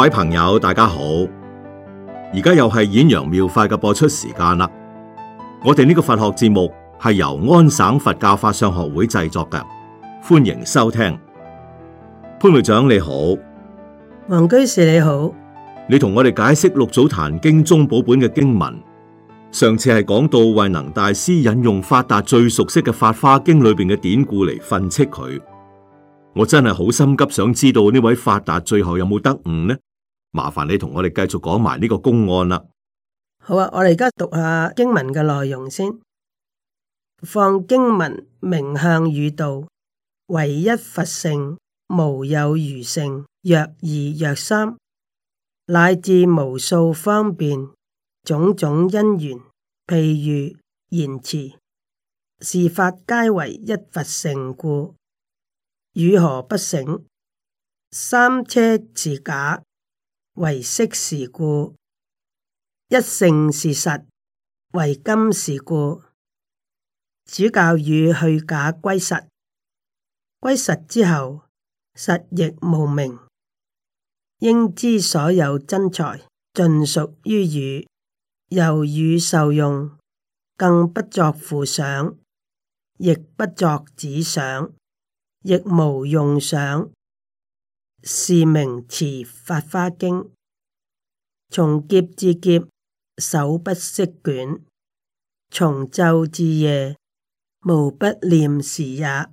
各位朋友，大家好！而家又係《演揚妙，妙法》嘅播出時間啦。我哋呢個佛學節目係由安省佛教法相學會製作嘅，歡迎收聽。潘會長你好，黃居士你好，你同我哋解釋《六祖壇經》宗寶本本嘅經文。上次係講到慧能大師引用法達最熟悉嘅《法華經》裏邊嘅典故嚟訓斥佢，我真係好心急，想知道呢位法達最後有冇得悟呢？麻煩你同我哋繼續講埋呢個公案啦。好啊，我哋而家讀下經文嘅內容先。況經文明向汝道：唯一佛乘，無有餘乘。若二若三，乃至無數方便種種因緣，譬喻言辭是法，皆為一佛乘故，如何不省？三車是假。為色是故，一性是實；為今是故，主教汝去假歸實，歸實之後，實亦無名。應知所有真財，盡屬於汝，由汝受用，更不作父想，亦不作子想，亦無用想。是名持法花經，從劫至劫，手不釋卷；從晝至夜，無不念時也。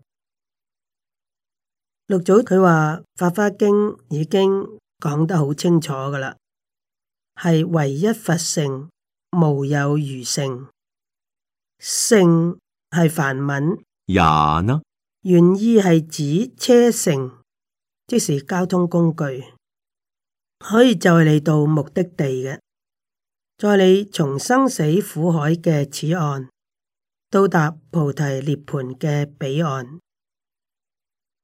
六祖佢話法花經已經講得好清楚噶啦，係唯一佛乘，無有餘乘。乘係梵文，也呢？原意係指車乘。即是交通工具，可以載你到目的地嘅。載你從生死苦海嘅此岸到達菩提涅槃嘅彼岸，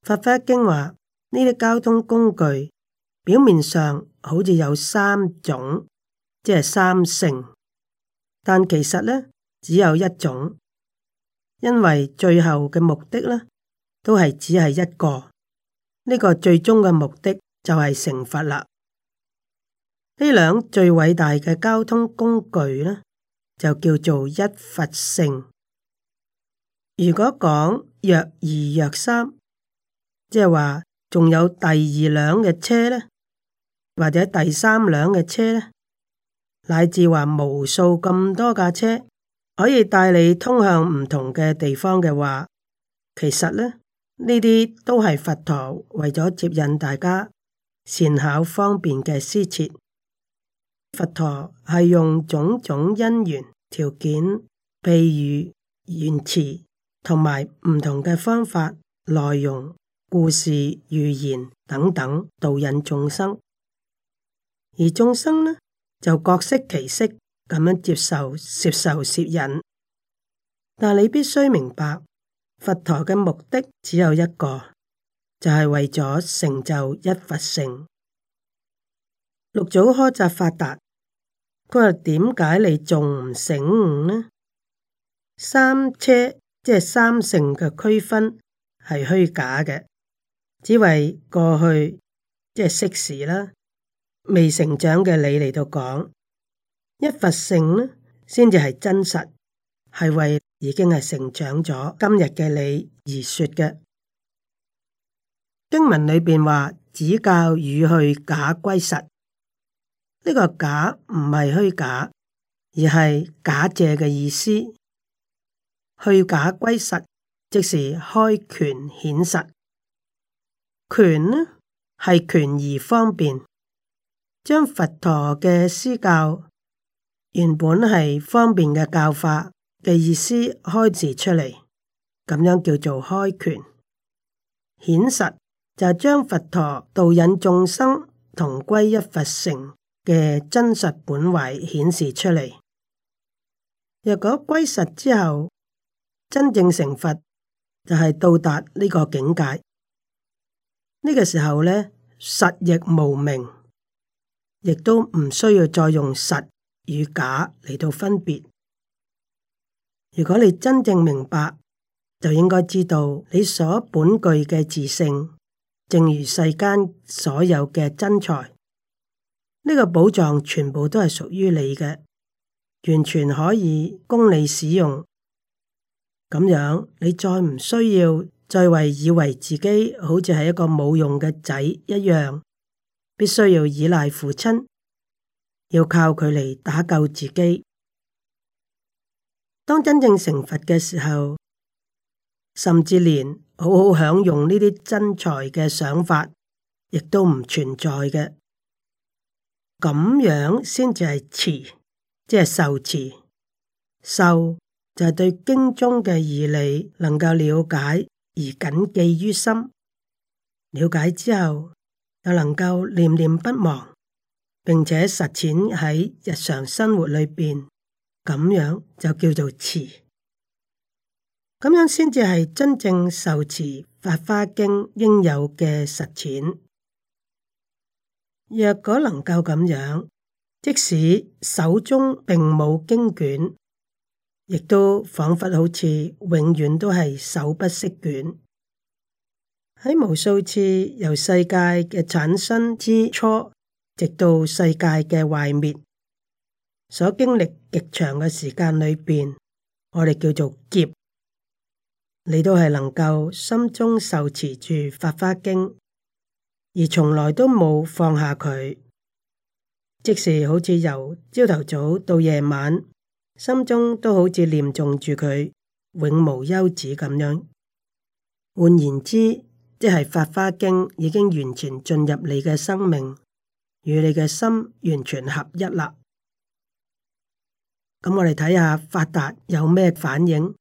佛法經話呢啲交通工具表面上好似有三種，即係三乘，但其實咧只有一種，因為最後嘅目的咧都係只係一個。呢個最終嘅目的就係成佛啦。呢輛最偉大嘅交通工具呢，就叫做一佛乘。如果講若二若三，即係話仲有第二輛嘅車呢，或者第三輛嘅車呢，乃至話無數咁多架車可以帶你通向唔同嘅地方嘅話，其實呢？呢啲都係佛陀為咗接引大家善巧方便嘅施設，佛陀係用種種因緣條件、譬喻、言辭同埋唔同嘅方法、內容、故事、語言等等導引眾生，而眾生呢就各色其色，咁樣接受接受攝引，但你必須明白。佛陀嘅目的只有一個，就係、是、為咗成就一佛性。六祖開閘發達，佢話點解你仲唔醒悟呢？三車即係三乘嘅區分係虛假嘅，只為過去即係識時啦，未成長嘅你嚟到講一佛性呢，先至係真實，係為。已經係成長咗今日嘅你而説嘅經文裏邊話：指教與去假歸實，呢、這個假唔係虛假，而係假借嘅意思。去假歸實，即是開權顯實。權呢，係權而方便，將佛陀嘅師教原本係方便嘅教法，嘅意思開字出嚟，咁樣叫做開權顯實，就將、是、佛陀導引眾生同歸一佛乘嘅真實本位顯示出嚟。若果歸實之後，真正成佛就係到達呢個境界。呢、這個時候呢，實亦無名，亦都唔需要再用實與假嚟到分別。如果你真正明白，就應該知道你所本具嘅自性，正如世間所有嘅真財，呢、這個寶藏全部都係屬於你嘅，完全可以供你使用。咁樣，你再唔需要再為以為自己好似係一個冇用嘅仔一樣，必須要依賴父親，要靠佢嚟打救自己。當真正成佛嘅時候，甚至連好好享用呢啲真財嘅想法，亦都唔存在嘅。咁樣先至係持，即係受持。受就係對經中嘅義理能夠了解而謹記於心，了解之後又能夠念念不忘，並且實踐喺日常生活裏邊。咁樣就叫做持，咁樣先至係真正受持《法花經》應有嘅實踐。若果能夠咁樣，即使手中並冇經卷，亦都仿佛好似永遠都係手不釋卷。喺無數次由世界嘅產生之初，直到世界嘅壞滅。所經歷極長嘅時間裏邊，我哋叫做劫，你都係能夠心中受持住《法華經》，而從來都冇放下佢。即使好似由朝頭早到夜晚，心中都好似念誦住佢，永無休止咁樣。換言之，即係《法華經》已經完全進入你嘅生命，與你嘅心完全合一啦。咁我哋睇下法達有咩反應。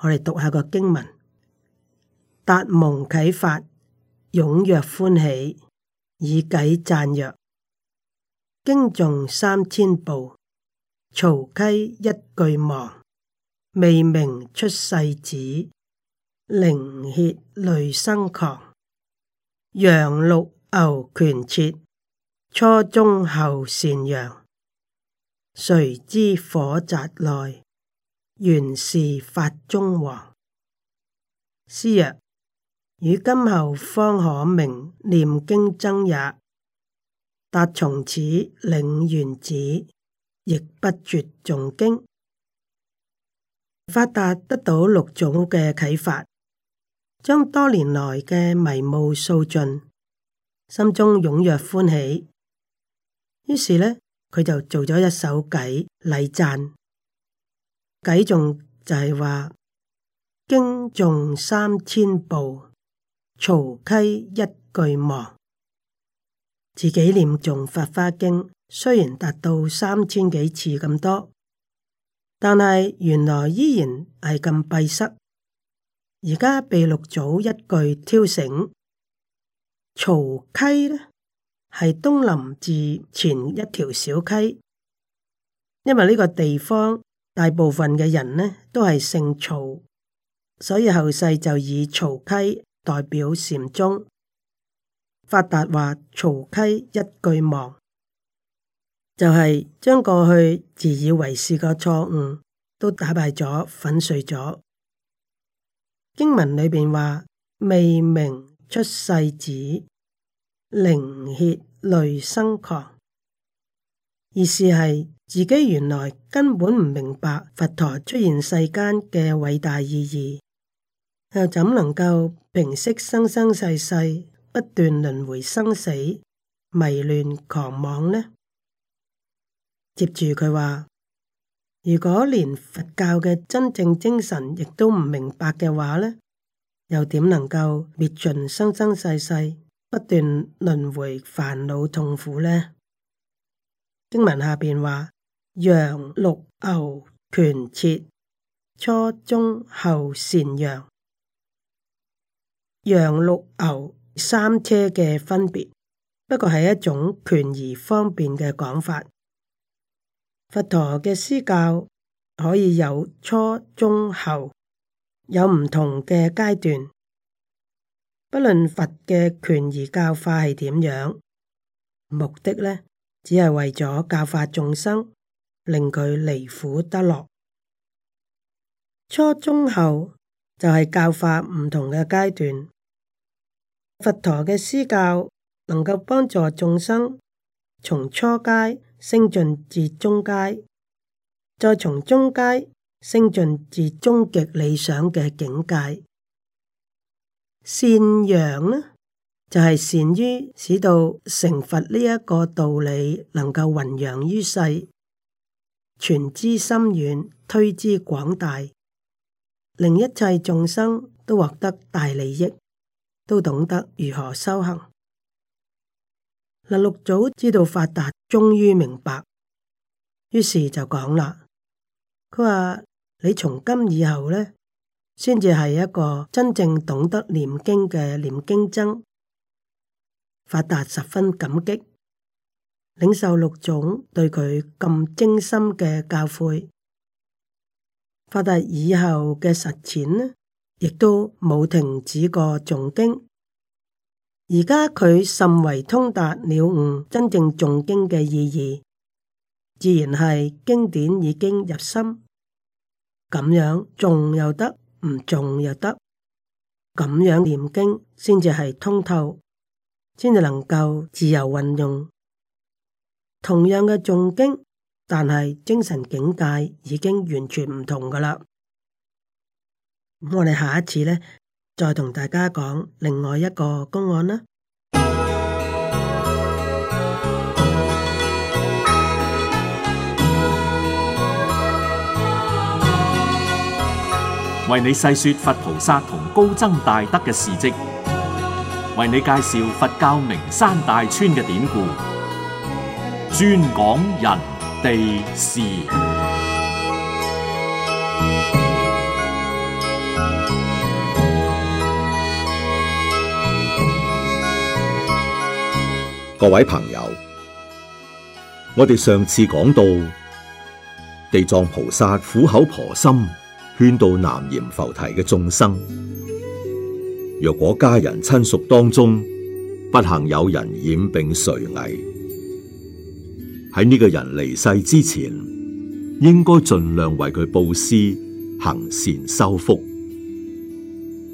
我哋讀下個經文：達蒙啟發，勇若歡喜，以偈讚曰：經眾三千部，曹溪一句忘，未名出世子，靈血淚生狂。羊鹿牛拳切，初中後善揚。誰知火宅內，原是法中王。師曰：與今後方可明念經僧也。達從此領玄旨，亦不絕誦經。法達得到六種嘅啟發，將多年來嘅迷霧掃盡，心中踴躍歡喜。於是呢？佢就做咗一首偈禮讚偈，仲就係話經誦三千部，曹溪一句亡。自己念誦《法華經》，雖然達到三千幾次咁多，但係原來依然係咁閉塞。而家被六祖一句挑醒，曹溪呢？係東林寺前一條小溪，因為呢個地方大部分嘅人呢都係姓曹，所以後世就以曹溪代表禪宗。法達話：曹溪一句亡，就係、是、將過去自以為是個錯誤都打敗咗、粉碎咗。經文裏邊話：未明出世旨。靈血淚生狂，意思係自己原來根本唔明白佛陀出現世間嘅偉大意義，又怎能夠平息生生世世不斷輪回生死迷亂狂妄呢？接住佢話，如果連佛教嘅真正精神亦都唔明白嘅話呢，又點能夠滅盡生生世世？不斷輪迴煩惱痛苦呢？經文下邊話：羊鹿牛權切，初中後善羊，羊鹿牛三車嘅分別，不過係一種權宜方便嘅講法。佛陀嘅施教可以有初中後，有唔同嘅階段。不論佛嘅權宜教化係點樣，目的呢只係為咗教化眾生，令佢離苦得樂。初中後就係教化唔同嘅階段，佛陀嘅施教能夠幫助眾生從初階升進至中階，再從中階升進至終極理想嘅境界。善揚呢，就係善於使到成佛呢一個道理能夠弘揚於世，傳之深遠，推之廣大，令一切眾生都獲得大利益，都懂得如何修行。嗱，六祖知道法達終於明白，於是就講啦，佢話你從今以後呢，先至係一個真正懂得念經嘅念經僧，法達，十分感激領受六祖對佢咁精心嘅教誨。法達以後嘅實踐呢，亦都冇停止過誦經。而家佢甚為通達了悟真正誦經嘅意義，自然係經典已經入心，咁樣仲有得，唔誦又得，咁樣念經先至係通透，先至能夠自由運用。同樣嘅重經，但係精神境界已經完全唔同噶啦。咁我哋下一次咧，再同大家講另外一個公案啦。為你細說佛菩薩同高僧大德嘅事跡，為你介紹佛教名山大川嘅典故，專講人地事。各位朋友，我哋上次講到地藏菩薩苦口婆心。勸導南閻浮提嘅眾生，若果家人親屬當中不幸有人染病垂危，喺呢個人離世之前，應該盡量為佢布施行善修福，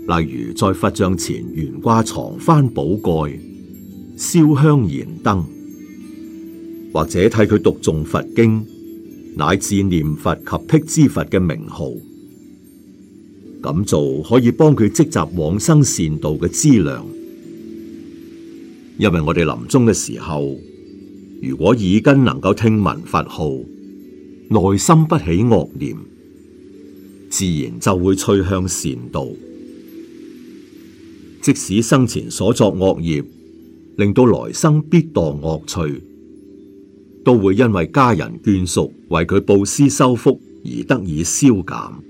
例如在佛像前懸掛藏幡寶蓋、燒香燃燈，或者替佢讀誦佛經，乃至念佛及辟支佛嘅名號。咁做可以幫佢積集往生善道嘅資糧，因為我哋臨終嘅時候，如果耳根能夠聽聞佛號，內心不起惡念，自然就會趨向善道。即使生前所作惡業，令到來生必墮惡趣，都會因為家人眷屬為佢布施修福而得以消減。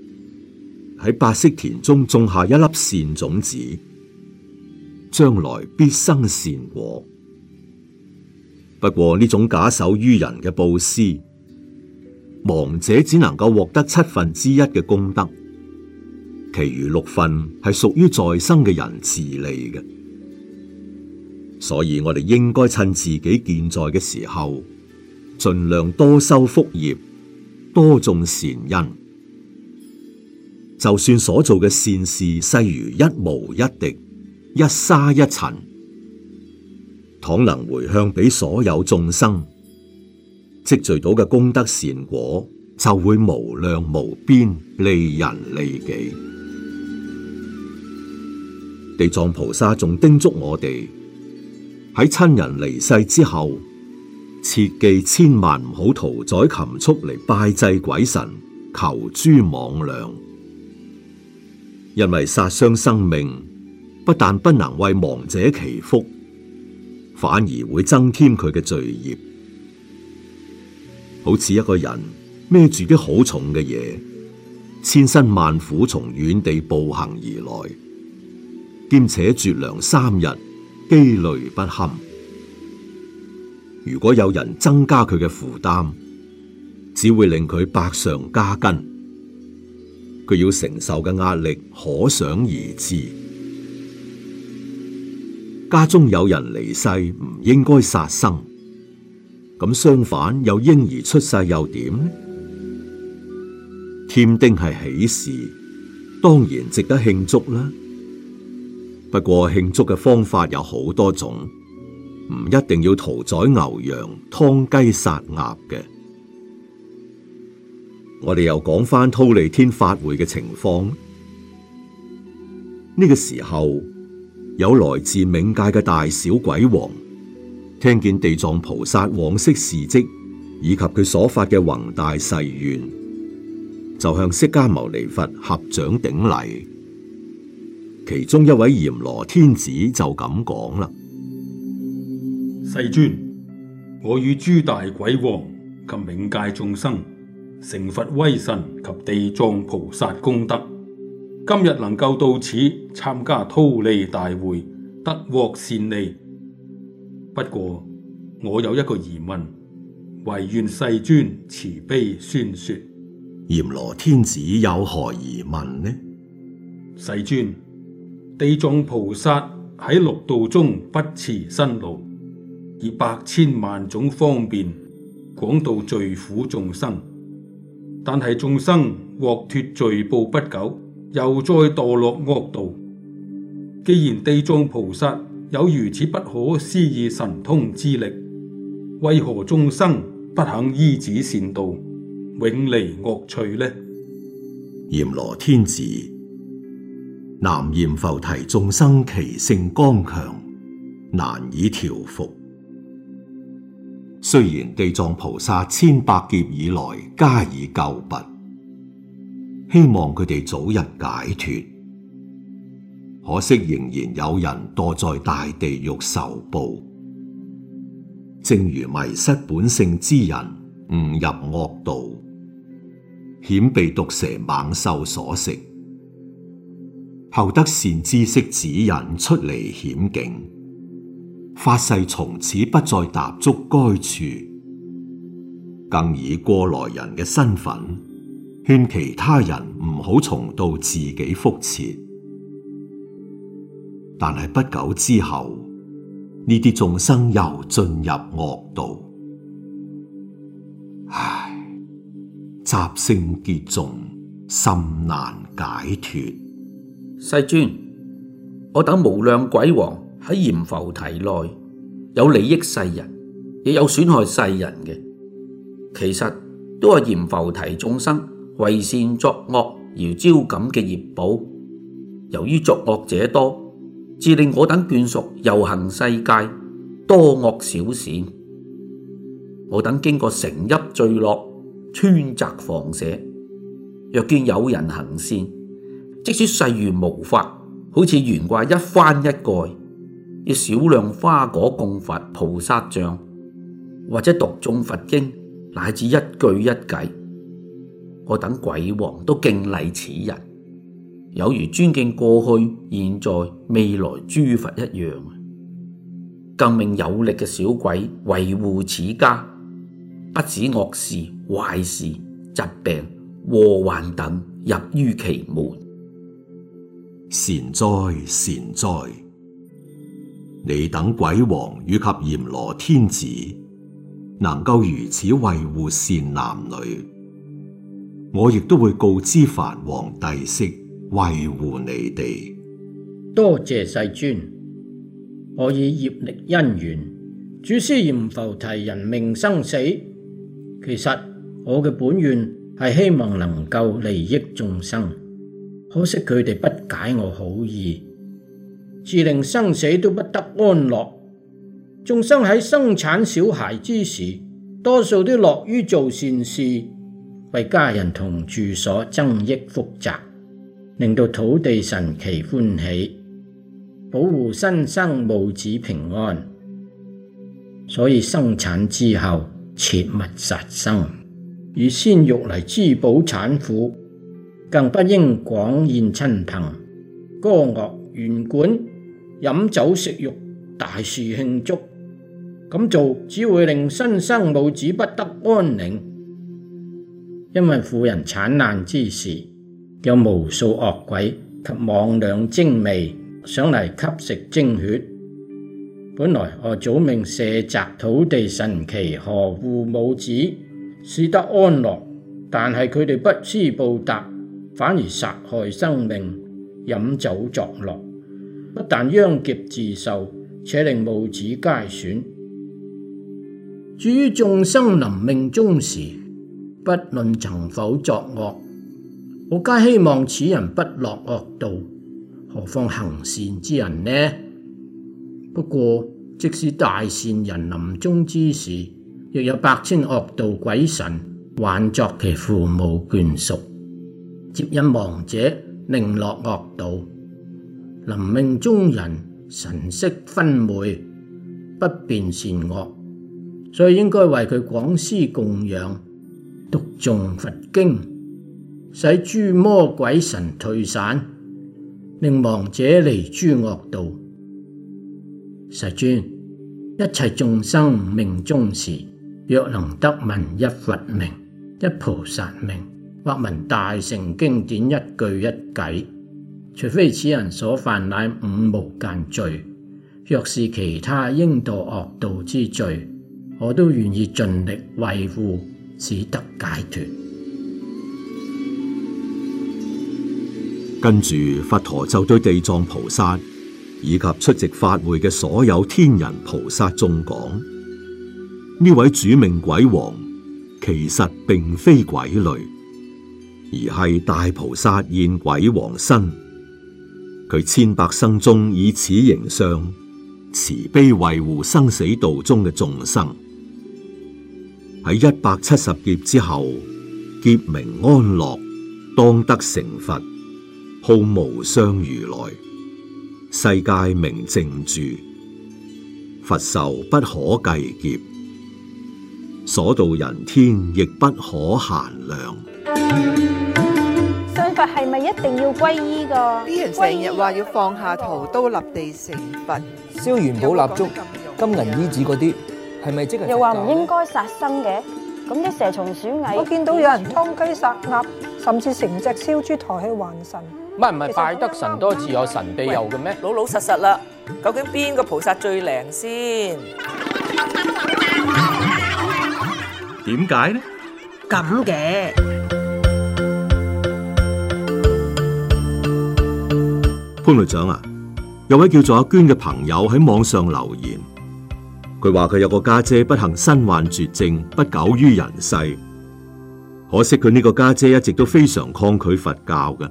喺白色田中種下一粒善種子，將來必生善果。不過呢種假手於人嘅布施，亡者只能夠獲得七分之一嘅功德，其餘六分係屬於在生嘅人自利嘅。所以我哋應該趁自己健在嘅時候，盡量多修福業，多種善因。就算所做嘅善事細如一毛一滴、一沙一塵，倘能回向俾所有眾生積聚到嘅功德善果，就會無量無邊，利人利己。地藏菩薩仲叮囑我哋喺親人離世之後，切忌千萬唔好屠宰禽畜嚟拜祭鬼神，求諸魍魎。因為殺傷生命，不但不能為亡者祈福，反而會增添佢嘅罪孽。好似一個人孭住啲好重嘅嘢，千辛萬苦從遠地步行而來，兼且絕糧三日，飢累不堪。如果有人增加佢嘅負擔，只會令佢百上加斤。佢要承受嘅壓力可想而知，家中有人離世，唔應該殺生，咁相反有嬰兒出世又點呢？添丁係喜事，當然值得慶祝啦。不過慶祝嘅方法有好多種，唔一定要屠宰牛羊、劏雞殺鴨嘅。我哋又講返忉利天法會嘅情況。呢、這個時候，有來自冥界嘅大小鬼王，聽見地藏菩薩往昔事跡以及佢所發嘅宏大誓願，就向釋迦牟尼佛合掌頂禮。其中一位閻羅天子就咁講啦：世尊，我與諸大鬼王及冥界眾生，成佛威神及地藏菩薩功德，今日能夠到此參加忉利大會，得獲善利。不過我有一個疑問，惟願世尊慈悲宣說，閻羅天子有何疑問呢？世尊，地藏菩薩喺六道中不辭辛勞，以百千萬種方便，廣度罪苦眾生。但係眾生獲脫罪報不久，又再墮落惡道。既然地藏菩薩有如此不可思議神通之力，為何眾生不肯依止善道，永離惡趣呢？閻羅天子，南閻浮提眾生其性剛強，難以調伏。雖然地藏菩薩千百劫以來加以救拔，希望佢哋早日解脱。可惜仍然有人墮在大地獄受報，正如迷失本性之人誤入惡道，險被毒蛇猛獸所食。後得善知識指引出離險境。發誓從此不再踏足該處，更以過來人嘅身份勸其他人唔好重蹈自己覆轍。但係不久之後，呢啲眾生又進入惡道。唉，習性結重，心難解脫。世尊，我等無量鬼王。喺閻浮提內有利益世人，亦有損害世人嘅。其實都係閻浮提眾生為善作惡而招感嘅業報。由於作惡者多，致令我等眷屬遊行世界多惡少善。我等經過城邑聚落、川澤房舍，若見有人行善，即使世如無法，好似懸掛一幡一蓋。少量花果供佛、菩薩像，或者讀誦佛經，乃至一句一偈，我等鬼王都敬禮此人，有如尊敬過去、現在、未來諸佛一樣。更令有力嘅小鬼維護此家，不使惡事、壞事、疾病、禍患等入於其門。善哉，善哉。你等鬼王以及閻羅天子能夠如此維護善男女，我亦都會告知梵王帝釋維護你哋。多謝世尊，我以業力因緣主司閻浮提人命生死，其實我嘅本願係希望能夠利益眾生，可惜佢哋不解我好意。自令生死都不得安樂，眾生喺生產小孩之時，多數都樂於做善事，為家人同住所增益複雜，令到土地神祇歡喜，保護新生母子平安。所以生產之後切勿殺生，以鮮肉嚟滋補產婦，更不應廣宴親朋，歌樂絃管。飲酒食肉，大肆慶祝，咁做只會令新生母子不得安寧。因為婦人產難之時，有無數惡鬼及魍魉精魅想嚟吸食精血。本來我早命舍宅土地神祇荷護母子，使得安樂，但係佢哋不思報答，反而殺害生命，飲酒作樂。不但殃劫自受，且令母子皆損。至於眾生臨命終時，不論曾否作惡，我皆希望此人不落惡道。何況行善之人呢？不過，即使大善人臨終之時，亦有百千惡道鬼神幻作其父母眷屬，接引亡者令落惡道。臨命終人神色昏昧，不辨善惡，所以應該為佢廣施供養，讀誦佛經，使諸魔鬼神退散，令亡者離諸惡道。世尊，一切眾生命終時，若能得聞一佛名、一菩薩名或聞大乘經典一句一偈。除非此人所犯乃五無間罪，若是其他應墮惡道之罪，我都願意盡力維護，只得解脱。跟住，佛陀就對地藏菩薩以及出席法會嘅所有天人菩薩眾講：呢位主命鬼王，其實並非鬼類，而係大菩薩現鬼王身。佢千百生中以此形相慈悲維護生死道中嘅眾生，喺一百七十劫之後，劫名安樂，當得成佛，號無相如來，世界名淨住，佛壽不可計劫，所度人天亦不可限量。係咪一定要皈依噶？啲人成日話要放下屠刀立地成佛，燒元寶蠟燭、金銀衣子嗰啲，係咪即係？又話唔應該殺生嘅，咁啲蛇蟲鼠蟻，我見到有人劏雞殺鴨，甚至成隻燒豬抬去還神。唔係唔係，拜得神多自有神庇佑嘅咩？老老實實啦，究竟邊個菩薩最靈先？點解呢？咁嘅。潘律長啊，有位叫做阿娟嘅朋友喺網上留言，佢話佢有個家姐不幸身患絕症，不久於人世。可惜佢呢個家姐一直都非常抗拒佛教嘅，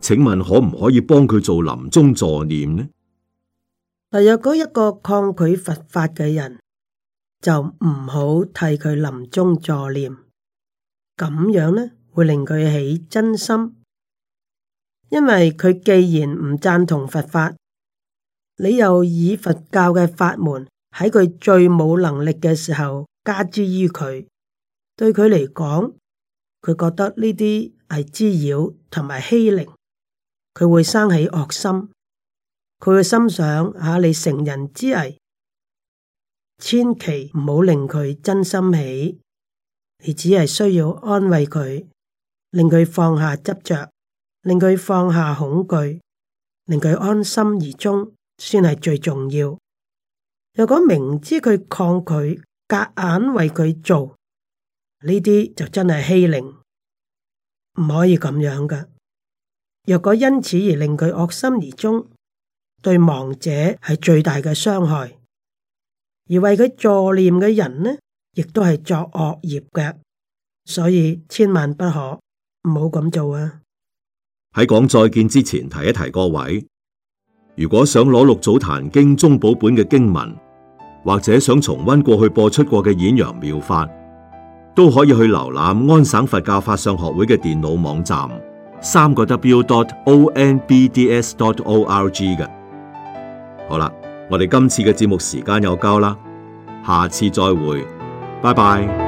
請問可唔可以幫佢做臨終助念呢？但若果一個抗拒佛法嘅人，就唔好替佢臨終助念，咁樣呢，會令佢起瞋心。因為佢既然唔贊同佛法，你又以佛教嘅法門喺佢最冇能力嘅時候加之於佢，對佢嚟講，佢覺得呢啲係滋擾同埋欺凌，佢會生起惡心。佢會心想下、啊、你成人之危，千祈唔好令佢真心起。你只係需要安慰佢，令佢放下執着。令佢放下恐懼，令佢安心而終，先係最重要。若果明知佢抗拒，夾硬為佢做呢啲，就真係欺凌，唔可以咁樣㗎。若果因此而令佢惡心而終，對亡者係最大嘅傷害，而為佢助念嘅人呢，亦都係作惡業嘅，所以千萬不可唔好咁做啊！喺講再見之前，提一提各位。如果想攞六祖壇經中寶本嘅經文，或者想重溫過去播出過嘅演揚妙法，都可以去瀏覽安省佛教法相學會嘅電腦網站，三個 w dot o n b d s dot o r g 嘅。好啦，我哋今次嘅節目時間又夠啦，下次再會，拜拜。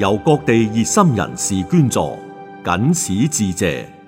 由各地熱心人士捐助，僅此致謝。